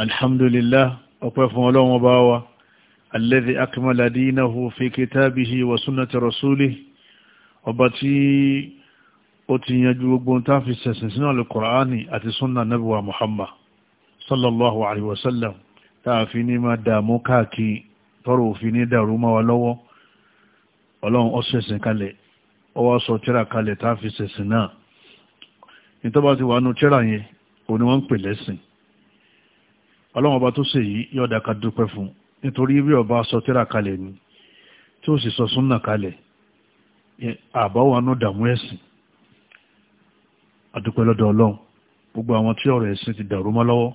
alhamdulillah ọpẹ́ fún ọlọ́run ọba wa alladhi akmala dinahu fi kitabihi wa sunnati rasulih ọba tí ó ti yanjú gbogbo tá fi sẹ̀sìn sínú alukur'ani àti sunna nabuwa muhammad sallallahu alaihi wasallam tá fi ní ma dààmú káàkiri tọrọ òfin ní dàrú mọ́ wa lọ́wọ́ ọlọ́run ó sẹ̀sìn kalẹ̀ ó wá sọ tíra kalẹ̀ tá fi sẹ̀sìn náà nítorí ti wà nù tíra yẹn òní wọ́n ń pè lẹ́sìn ọlọ́run ọba tó ṣèyí yóò dá ká dúpẹ́ fún nítorí bí ọba sọ tíra kalẹ̀ ni tí ó sì sọ súnà kalẹ̀ àbáwọnú dààmú ẹ̀sìn adúpẹ́ lọ́dọ̀ ọlọ́run gbogbo àwọn tí ọ̀rọ̀ ẹ̀sìn ti dàrú mọ́ lọ́wọ́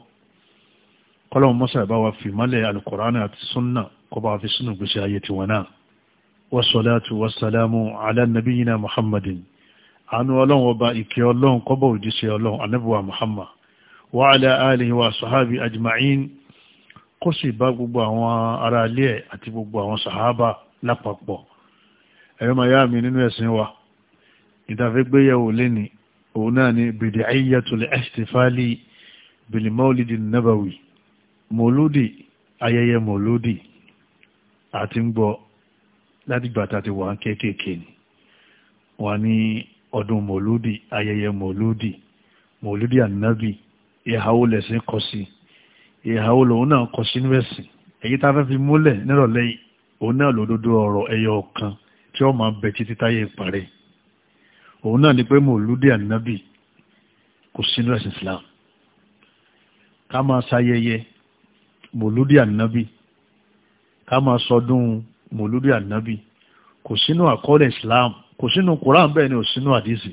kọ́lọ́run mọ́sà ìbá wa fi mọ́lẹ̀ alukọ̀ránì àti súnà kọ́ bá fi sínú gbèsè ayé tiwọn náà wasalaatu wasalaamu ala nabiyina muhammadin àánú ọlọ́run ọba ìkẹ́ ọlọ́run kọ́bọ̀ òjíṣẹ́ ọlọ́run anábùwà muhammad wa ala alihi wa sahabi ajma'in kó sì bá gbogbo àwọn ará ilé ẹ̀ àti gbogbo àwọn sahaba lápapọ̀ ẹ̀yọ́ máa yá mi nínú ẹ̀sìn wa ìdáfẹ́gbéyàwó lẹ́ni òun náà ni bid'iyyatul ihtifali bil mawlidi nabawi mọ̀lódì ayẹyẹ mọ̀lódì àti ń gbọ́ láti gbàtà ti wà ń ni wà ní ọdún mọ̀lódì ayẹyẹ mọ̀lódì mọ̀lódì ànábì ìhàwó lẹ̀sìn kọ sí ìhàwó lòun náà kọ sínú ẹ̀sìn èyí tá a fẹ́ fi múlẹ̀ nírọ̀lẹ́ yìí òun náà lòdodo ọ̀rọ̀ ẹyọ ọ̀kan tí ó máa bẹ títí táyé parẹ́ òun náà ni pé mòlúdì ànábì kò sínú ẹ̀sìn Islam ká máa ṣayẹyẹ mòlúdì ànábì ká máa sọdún mòlúdì ànábì kò sínú àkọọ́lẹ̀ Islam kò sínú Kùrán bẹ́ẹ̀ ni ò sínú àdìsí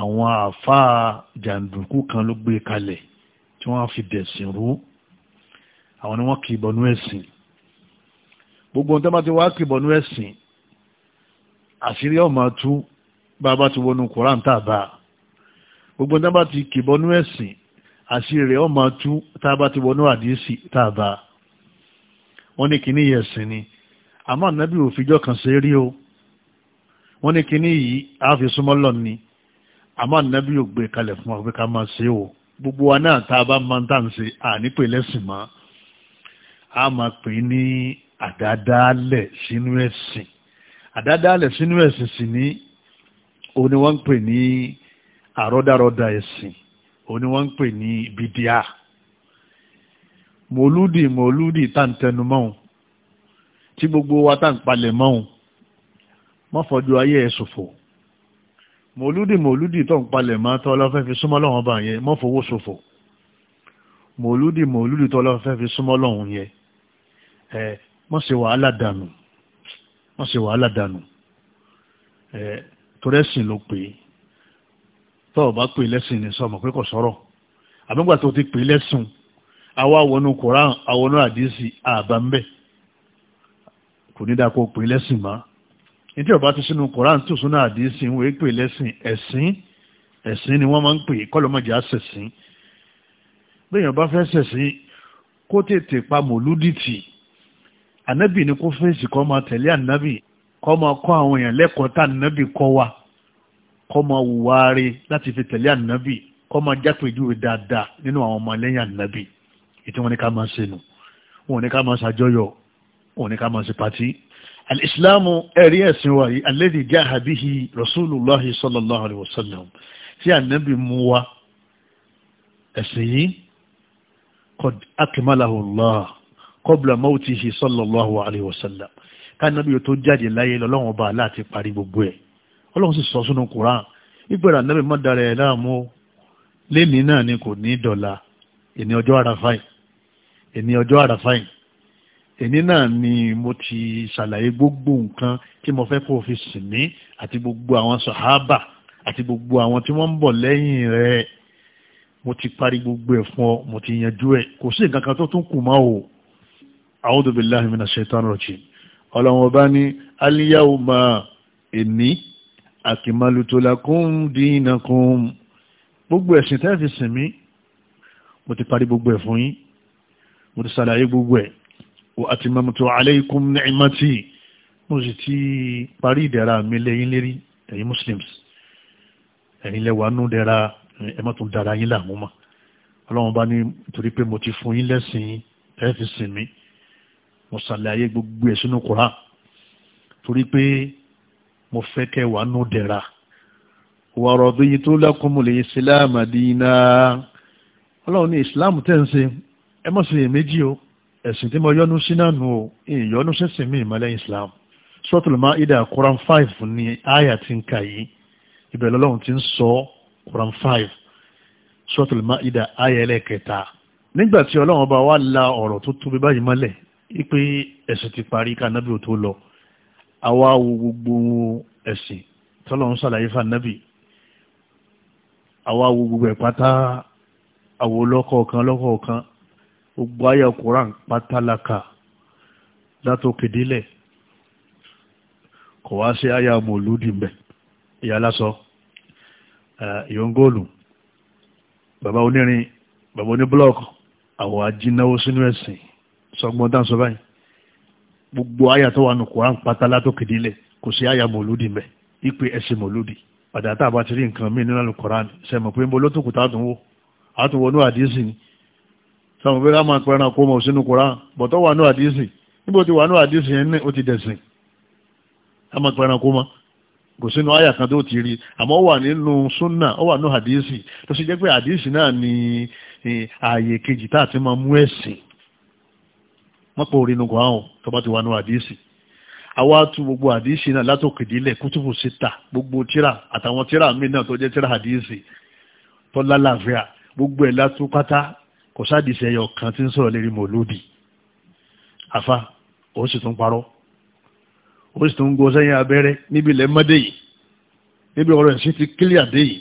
àwọn àáfàá jàǹdùkú kan ló gbé kalẹ̀ tí wọ́n fi dẹ̀sìn rú àwọn ni wọ́n kì í bọnú ẹ̀sìn gbogbo ohun tó bá ti wá kì í bọnú ẹ̀sìn àṣírí ọ̀mà tú bá a bá ti wọnú koran tá a bá a gbogbo ohun tó bá ti kì í bọnú ẹ̀sìn àṣírí rẹ̀ ọ̀mà tú tá a bá ti wọnú àdìsí tá a bá a wọ́n ní kíní yẹ ẹ̀sìn ni àmọ́ ànábì òfijọ́ kan ṣe rí o wọ́n ní kíní yìí àáfi súnmọ́ lọ́ọ̀ àmọ́ ànábì ò gbé kalẹ̀ fún wa pé ká máa ṣe o gbogbo wa náà tá a bá máa ń tà ń ṣe ànípè lẹ́sìn mọ́ a máa pè ní àdádálẹ̀ sínú ẹ̀sìn àdádálẹ̀ sínú ẹ̀sìn sì ní òun ni wọ́n ń pè ní àrọ́dàrọ́dà ẹ̀sìn òun ni wọ́n ń pè ní bìdíà mòlúdì mòlúdì tá ń tẹnu mọ́ tí gbogbo wa tá ń palẹ̀ mọ́ mọ́fọ́jú ayé ẹ̀ ṣòfò. E mòlúdì mòlúdì tó ń palẹ̀ máa tọ́ lọ́fẹ́ fi súnmọ́ lọ́wọ́n bá yẹn mọ́ fowó ṣòfò mòlúdì mòlúdì tó lọ́fẹ́ fi súnmọ́ lọ́wọ́n yẹn ẹ mọ́ ṣe wàhálà dànù mọ́ ṣe wàhálà dànù ẹ torí ẹ̀sìn ló pè é tọ́ ọ bá pè lẹ́sìn ní sọmọ pé kò sọ̀rọ̀ àbẹ́gbà tó ti pè lẹ́sìn àwa wọnú Kùránì àwọn àdìsí àbá kò ní dáa kó pè lẹ́sìn máa ní tí ọba ti sínú koran tó súnà àdìsí ń wé pè lẹ́sìn ẹ̀sìn ẹ̀sìn ni wọ́n máa ń pè kọ́lọ́mọ̀jà sẹ̀sìn bẹ́ẹ̀yàn bá fẹ́ sẹ̀sìn kó tètè pa mòlúdìtì ànábì ni kó fèsì kó máa tẹ̀lé ànábì kó máa kọ́ àwọn èèyàn lẹ́kọ̀ọ́ tá ànábì kọ́ wa kó máa wùwá rí láti fi tẹ̀lé ànábì kó máa jápèjúwe dáadáa nínú àwọn ọmọlẹ́yìn ànábì ètò wọn ni ká máa ṣe nù wọn ni ká máa ṣàjọyọ̀ wọn ni ká máa ṣe pàtí alìsìláàmù ẹ̀rí ẹ̀sìn wa yìí alẹ́dì jẹ́ àbíhi rasulullahi sallallahu alaihi wasallam tí ànábì mú wa ẹ̀sìn yìí qad akmalahu Allah qabla mawtihi sallallahu alaihi wasallam kánábì tó jáde láyé lọ́wọ́n bá láti parí gbogbo ẹ̀ ọlọ́run sì sọ sínú Qur'an ìgbèrè ànábì mọ́ dára ẹ̀ láàmú lẹ́ni náà ni kò ní dọ̀la ẹni ọjọ́ àràfáì ẹni ọjọ́ àràfáì èní náà ni mo ti ṣàlàyé gbogbo nǹkan tí mo fẹ́ kó fi sìn mí àti gbogbo àwọn sàhábà àti gbogbo àwọn tí wọ́n ń bọ̀ lẹ́yìn rẹ̀ mo ti parí gbogbo ẹ̀ fún ọ mo ti yanjú ẹ̀ kò sí nǹkan kan tó tún kù mọ́ o a'udhu billahi minash shaitanir rajim ọlọ́run ọba ní al-yawma èní akmaltu lakum dinakum gbogbo ẹ̀sìn tẹ́ fi sìn mí mo ti parí gbogbo ẹ̀ fún yín mo ti ṣàlàyé gbogbo ẹ̀ wa atmamtu alaykum ni'mati mo sì ti parí ìdẹ̀ra mi lẹ́yìn lérí ẹ̀yin muslims ẹ̀yin lẹ́wà nú dẹ̀ra ẹ̀mọ́tún dára yín láàmú mọ́ ọlọ́run bá ní torí pé mo ti fún yín lẹ́sìn ẹ̀ fi sìn mí mo gbogbo ẹ̀ sínú kura torí pé mo fẹ́ kẹ́ wà nú dẹ̀ra wa raditu lakumul islam dina ọlọ́run ní ìsìláàmù tẹ̀ ń ṣe ẹ èméjì o ẹ̀sìn tí mo yọ́nú sí náà nù ó ìyọ́nú sẹ́sìn mi ìmọ̀lẹ́ Islam Suratul Maida Quran five ni àyà ti ń kà yìí ibẹ̀ lọ́lọ́run ti ń sọ Quran five Suratul Maida àyà ẹlẹ́kẹta nígbà tí ọlọ́run bá wa la ọ̀rọ̀ tó tóbi báyìí mọ́lẹ̀ ipe ẹ̀sìn ti parí ká nábì ò tó lọ àwa wo gbogbo ẹ̀sìn tọ́lọ́run sàlàyé fún nábì àwa wo gbogbo ẹ̀ pátá àwo lọ́kọ̀ọ̀kan lọ́kọ̀ọ̀kan gbogbo ayé Quran pátálákà látòkè délẹ̀ kò wá sí ayé mòlúdì mbẹ ìyá lásọ ìyóngóòlù bàbá onírin bàbá oníbúlọ́ọ̀kù àwọn ajínáwó sínú ẹ̀sìn sọgbọ́n dáńsọ báyìí gbogbo ayé tó wà nù Quran pátá látòkè délẹ̀ kò sí ayé mòlúdì mbẹ ìpè ẹ̀sìn mòlúdì padà tá a bá ti rí nǹkan mí nínú Quran sẹ́mi pé ń bọ́ lótòkùtà àtúnwò àtúnwò ní sọ̀rọ̀ pé ká máa pẹran kó mọ̀ sínú Kùránì bọ̀tọ̀ wà ní àdísì níbo ti wà ní àdísì yẹn ní ó ti dẹ̀sìn ká máa pẹran kó mọ̀ kò sínú àyà kan tó ti rí àmọ́ wà nínú súnà ó wà ní àdísì tó sì jẹ́ pé àdísì náà ni ààyè kejì tá àti máa mú ẹ̀sìn mọ́pọ̀ orí inú Kùránì tó bá ti wà ní àdísì àwa tu gbogbo àdísì náà látòkè délẹ̀ kútùbù síta gbogbo tíra àtàwọn tíra míì náà tó jẹ́ tíra àdísì tó lálàáfíà gbogbo ẹ̀ látú pátá kò sádìsí ẹyọ kan tí ń sọ̀rọ̀ lérí mòlúdì àfa ó sì tún parọ́ ó sì tún gbọ́ sẹ́yìn abẹ́rẹ́ níbi ilẹ̀ mọ́dé yìí níbi ọ̀rọ̀ ẹ̀sìn ti kílíà dé yìí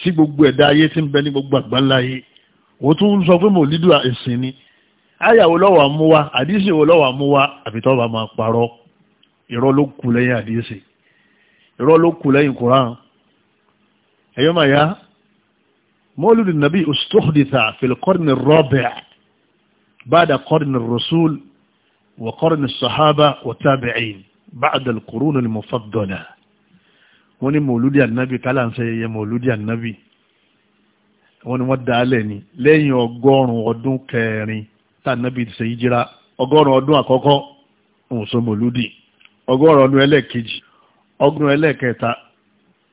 sí gbogbo ẹ̀dá ayé tí ń bẹ ní gbogbo àgbáńlá ayé wọ́n tún sọ pé mòlúdì ẹ̀sìn ni àyàwó lọ́wọ́ àmú wa wo lọ́wọ́ àmú wa àbítọ́ máa parọ́ irọ́ ló kù lẹ́yìn àdìsí irọ́ ló kù lẹ́yìn kùrán ẹ̀yọ́ màá yá مولد النبي استحدث في القرن الرابع بعد قرن الرسول وقرن الصحابة والتابعين بعد القرون المفضلة wọ́n ní mọ̀lúdí ànábì kálá ń sẹ́yẹ mọ̀lúdí ànábì wọ́n ní wọ́n dá alẹ́ ni lẹ́yìn ọgọ́rùn-ún ọdún kẹrin tànábì ti sẹ́yí jíra ọgọ́rùn-ún ọdún àkọ́kọ́ òun sọ mọ̀lúdí ọgọ́rùn-ún ọdún ẹlẹ́ẹ̀kejì ọgọ́rùn-ún ẹlẹ́ẹ̀kẹta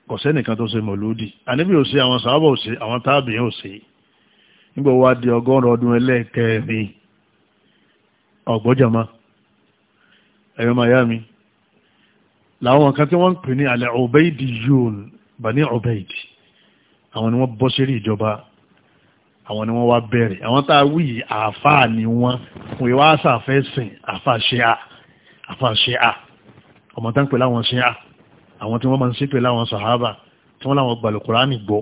kò sẹ́nìkan tó ṣe mọ̀lúdì ànábì ò ṣe àwọn sàábà ò ṣe àwọn tábìyàn ò ṣe nígbà wá di ọgọ́rùn ọdún ẹlẹ́ẹ̀kẹrin ọ̀gbọ́jàmá ẹ̀yọ́ miami làwọn kan tí wọ́n ń pè ní alẹ́ ọ̀bẹ́ìdì yóòn bani ọ̀bẹ́ìdì àwọn ni wọ́n bọ́ sí ìjọba àwọn ni wọ́n wá bẹ̀rẹ̀ àwọn tá a wí yìí ni wọ́n wọ́n wá sàfẹ́ sìn àáfàá ṣe à àáfàá ṣe à ọmọ tá ń pè ṣe à àwọn tí wọ́n máa ń ṣépè láwọn sàhábà tí wọ́n láwọn gbàlù kùránì gbọ́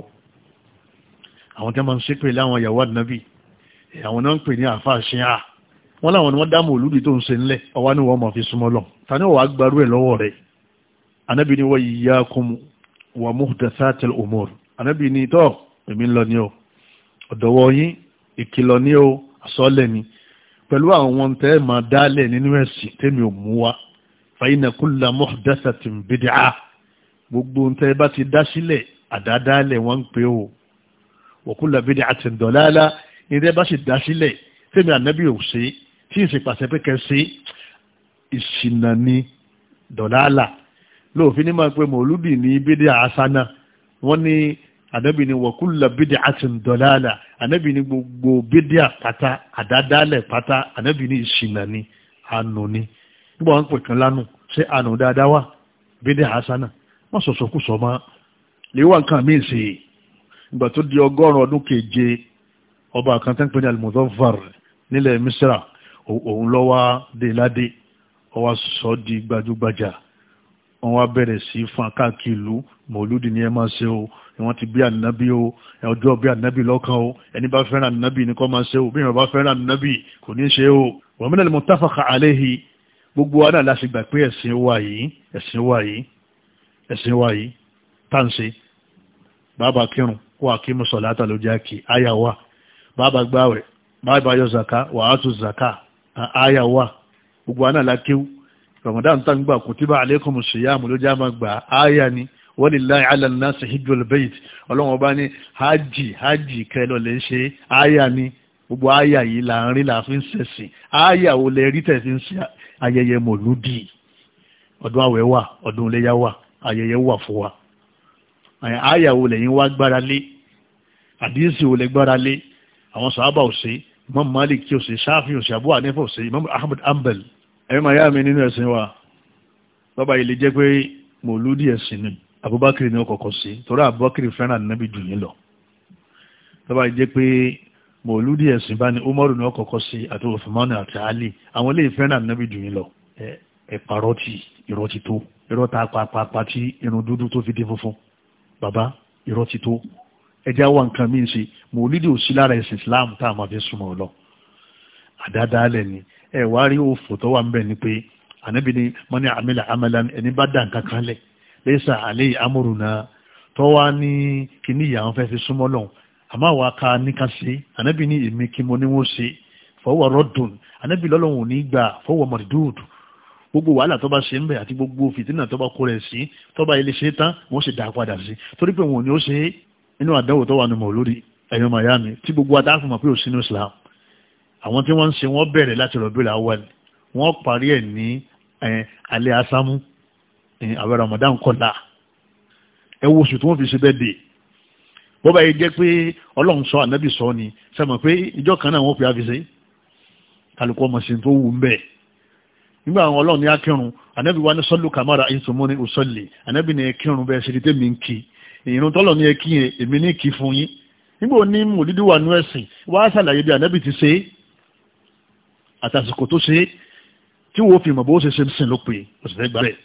àwọn tí wọ́n máa ń ṣépè láwọn ìyàwó àdínábì àwọn náà ń pè ní àfa ṣíà wọ́n láwọn ni wọ́n dámọ̀ olúdi tó ń ṣe ńlẹ̀ ọwá ní wọ́n mọ̀ fi súnmọ́ lọ ta ní wàá ẹ̀ lọ́wọ́ rẹ̀ anábì ni wa iyyakum wa muhdathatil umur anábì ni tọ́ èmi lọ ní o ọ̀dọ̀wọ́ yín ìkìlọ̀ ní o àsọ́lẹ̀ ni pẹ̀lú àwọn tẹ́ máa dálẹ̀ nínú ẹ̀sìn tẹ́mi ò mú wa fa inna kulla muhdathatin bid'ah gbogbo ń tẹ́ bá ti dá sílẹ̀ àdádálẹ̀ wọ́n ń pè ó òkú làbí ni àti ìdọ̀láàlá ní tẹ́ bá sì dá sílẹ̀ tẹ́mi ànábì ò ṣe tí ì sì pàṣẹ pé kẹsí ìṣìnà ni dọ̀láàlá lóòfin ní máa pe mòlúdì ní bídí àásánà wọ́n ní ànábì ni wọ̀kú làbí ni àti ìdọ̀láàlá ànábì ni gbogbo bídí àpáta àdádálẹ̀ pátá ànábì ni ìṣìnà ni àánú ni nígbà wọn pè kan lánàá ṣé àánú dáadáa wà bídí àásánà má sọ̀sọ̀ kú sọ mọ́ lè wà nǹkan míì sí i ìgbà tó di ọgọ́rùn ọdún keje ọba kan tẹ́ ń pè ní almuzaffar nílẹ̀ misra òun ló wá dé ládé ó wá sọ di gbajúgbajà wọ́n wá bẹ̀rẹ̀ sí fún akáàkiri ìlú mọ̀lúdì ni ẹ máa ṣe o wọ́n ti bí ànábì o ọjọ́ bí ànábì lọ́kàn o ẹni bá fẹ́ràn ànábì ni kó máa ṣe o bí ìwọ̀n bá fẹ́ràn ànábì kò ní ṣe o wa min al-muttafaqa alayhi gbogbo wa náà láti gbà pé ẹ̀sìn wa yìí ẹ̀sìn wa yìí ẹ̀sìn wa yìí táǹṣe bàbá kírun wà kí mú sọ̀látà ló jẹ́ kí àyà wà bàbá gbáwẹ̀ bàbá yọ zaka wà á tu zaka àyà wà gbogbo àná làkíw ramadan tá ń gbà kutiba alaykum siyamu ló jẹ́ àmà gbà àyà ni walillahi ala nnasi hijjul bayt ọlọ́wọ́n bá ní hajj hajj kẹlọ lè ṣe àyà ni gbogbo àyà yìí là ń rí láàfin ṣẹ̀sìn àyà ò lè rí tẹ̀sí ń ṣe ayẹyẹ mọ̀lúdì ọdún àwẹ̀ wà ọdún iléyà wà ayẹyẹ wà fún wa àyà wo lẹ́yìn wá gbára lé àdíyèsí wo lẹ́ gbára lé àwọn sàábà ò sí Imam Malik kí o sí sáfihàn sí Abu Hanifa ò sí Imam Ahmad ambel ẹ̀rí màá yá mi nínú ẹ̀sìn wa bàbá yìí lè jẹ́ pé mòlúdì ẹ̀sìn ni Abubakar ni ó kọ́kọ́ sí torí Abubakar fẹ́ràn nábì jù yín lọ bàbá yìí jẹ́ pé mòlúdì ẹ̀sìn bá ní Umaru ni ó kọ́kọ́ sí àti Uthman àti Ali àwọn ilé ìfẹ́ràn nábì jù yín lọ ẹ̀ ẹ̀pàrọ̀ ti ìrọ̀ ti tó irọ́ ta pàápàá tí irun dúdú tó fi dé funfun bàbá irọ́ ti tó ẹjẹ́ àwọn nǹkan míì ṣe mòlídìí ò sí lára ẹ̀sìn Islam tá a máa fi súnmọ́ ọ lọ àdáadáalẹ̀ ni ẹ wá rí òfò tó wà ń bẹ̀ ni pé ànábì ni wọ́n ní àmìlà àmàlà ẹni bá dà nǹkan kan lẹ̀ lẹ́sà àlẹ́ amúrùnà tó wá ní kíní ìyá wọn fẹ́ fi súnmọ́ lọ́hùn àmọ́ àwa ká níkan ṣe ànábì ní èmi kí mo ní wọ́n ṣe fọwọ́ rọ́dùn ànábì lọ́lọ́hùn ò ní gbà fọwọ́ mọ̀dúdù gbogbo wàhálà tó bá ṣe ń bẹ̀ àti gbogbo fìtínà tó bá kó rẹ̀ sí tó bá ilé ṣe tán wọ́n sì dá padà sí torí pé wọn ò ní ó ṣe inú àdánwò tó wà nù mọ̀ lórí ẹ̀yọ́ miami tí gbogbo adáfún mọ̀ pé ò sínú Islam àwọn tí wọ́n ń ṣe wọ́n bẹ̀rẹ̀ láti rọ̀bìlà awal wọ́n parí ẹ̀ ní alẹ́ asámú àwẹ̀ Ramadan kọ́lá ẹ wo oṣù tí wọ́n fi ṣe bẹ́ẹ̀ dé bọ́bá yìí jẹ́ pé ọlọ́run sọ ànábì sọ ni sẹ́mọ̀ pé ìjọ kan náà wọ́n fi àfi ṣe kálukú ọmọ sí tó wù ń bẹ́ẹ̀ nígbà àwọn ọlọ́run ní akírun ànábì wa ní sọ́lù kàmára ìtumú ní òsọ́lì ànábì ní ẹkírun bẹ́ẹ̀ ṣèlédé mi ń kí ìrún tọ́lọ̀ ní ẹkí yẹn èmi ní kí fún yín nígbà òní mòlídì wà nú ẹ̀sìn wá ṣàlàyé bí ànábì ti ṣe àtàsìkò tó ṣe tí wo fi mọ̀ bó ṣe ṣe ń sìn ló pé oṣù fẹ́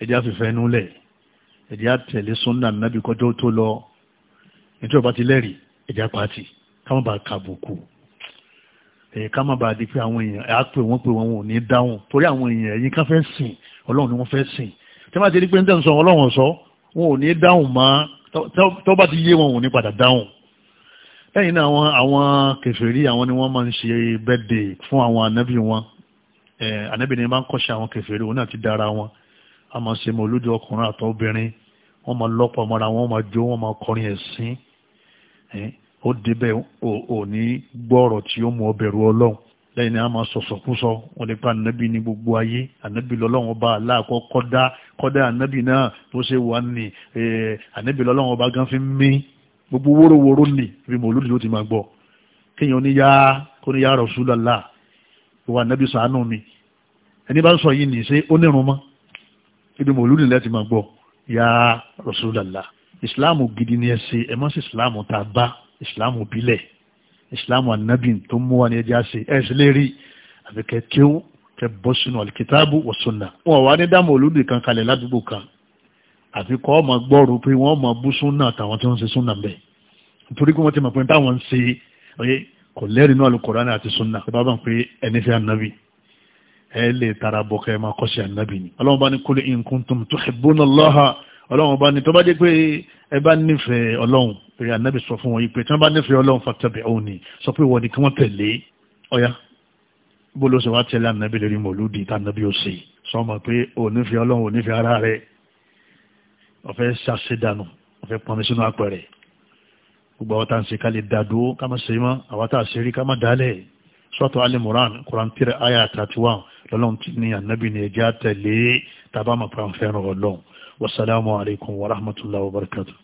ẹ̀dí afẹ́fẹ́ núlẹ̀ ẹ̀dí àtẹ̀lé èyí ká má bàa di pé àwọn èèyàn á pè wọ́n pè wọ́n ò ní dáhùn torí àwọn èèyàn ẹ̀yin kan fẹ́ sìn ọlọ́run ni wọ́n fẹ́ sìn tí wọ́n ti rí pé ń tẹ̀ ń sọ ọlọ́run sọ wọn ò ní dáhùn mọ́ tó bá ti yé wọn ò ní padà dáhùn lẹ́yìn náà àwọn àwọn kèfèrí àwọn ni wọ́n máa ń ṣe birthday fún àwọn ànábì wọn ànábì ni máa ń kọ́ṣẹ́ àwọn kèfèrí òun náà ti dára wọn a máa ṣe mọ̀lúdì ọkùnrin àtọ́ obìnrin wọ́n máa lọ́pọ̀ mọ́ra wọn máa jó wọ́n máa kọrin ẹ̀sìn ó débẹ̀ ò ní gbọ́ọ̀rọ̀ tí ó mú ọ bẹ̀rù ọlọ́run lẹ́yìn náà a máa sọ̀sọ̀ kú sọ wọ́n lè pa ànábì ní gbogbo ayé ànábì lọ́lọ́run ọba aláàkọ́ kọ́dá kọ́dá ànábì náà tó ṣe wà ní ànábì lọ́lọ́run ọba gan fi mí gbogbo wórówóró nì bí mo lóde ló ti máa gbọ́ kéèyàn oníyá oníyá Rasulullah ìwà ànábì ṣàánú mi ẹni bá ń sọ yìí nì ṣe ó nírun mọ́ ibi mo lóde lẹ́ẹ̀ ti máa gbọ́ ya Rasulullah ìsìláàmù gidi ni ẹ ṣe ẹ má sí ìsìláàmù tá a bá ìsìláàmù bílẹ̀ ìsìláàmù ànábì tó mú wa ní ẹjẹ́ àṣẹ ẹ̀ sì lè rí àbíkẹ́ kéwú kẹ bọ́ sínú alkitabu wa sunna wọn wà ní dáàmú olùdí kan kalẹ̀ ládùúgbò kan àfi kọ́ ọmọ gbọ́rù pé wọ́n mọ bú súnà àtàwọn tí wọ́n ń ṣe súnà mbẹ́ nítorí pé wọ́n ti mọ̀ pé táwọn ń ṣe kò lẹ́rìí náà Al-Qur'ani àti súnà bá bá ń pè ẹni fẹ́ ànábì ẹ lè tara bọ́ kẹ́ ẹ máa kọ́sí ànábì ni ọlọ́run bá ní qul in kuntum tuhibbuna Allaha ọlọ́run bá ní tó bá dé pé ẹ bá nífẹ̀ẹ́ ọlọ́run pé anabi sọ fún wọn yìí pé tí wọ́n bá nífẹ̀ẹ́ ọlọ́run fattabi'uni sọ pé wọ́n ni kí wọ́n tẹ̀lé ọ̀yá bó ló ṣe wá tẹ̀lé anabi lórí mọ̀lúdì tànàbí ó ṣe sọ ma pé onífẹ̀ẹ́ ọlọ́run onífẹ̀ẹ́ ara rẹ̀ ọ̀fẹ́ ṣàṣedànù ọ̀fẹ́ pọnmi sínú apẹ̀rẹ̀ gbogbo àwọn tá à ń ṣe ká lè dá dúró ká má ṣe mọ́ àwọn tá à ṣe rí ká má dálẹ̀ sọ́tọ̀ alimuran Quran three ayah thirty one lọ́lọ́run ti ní anabi ní ẹja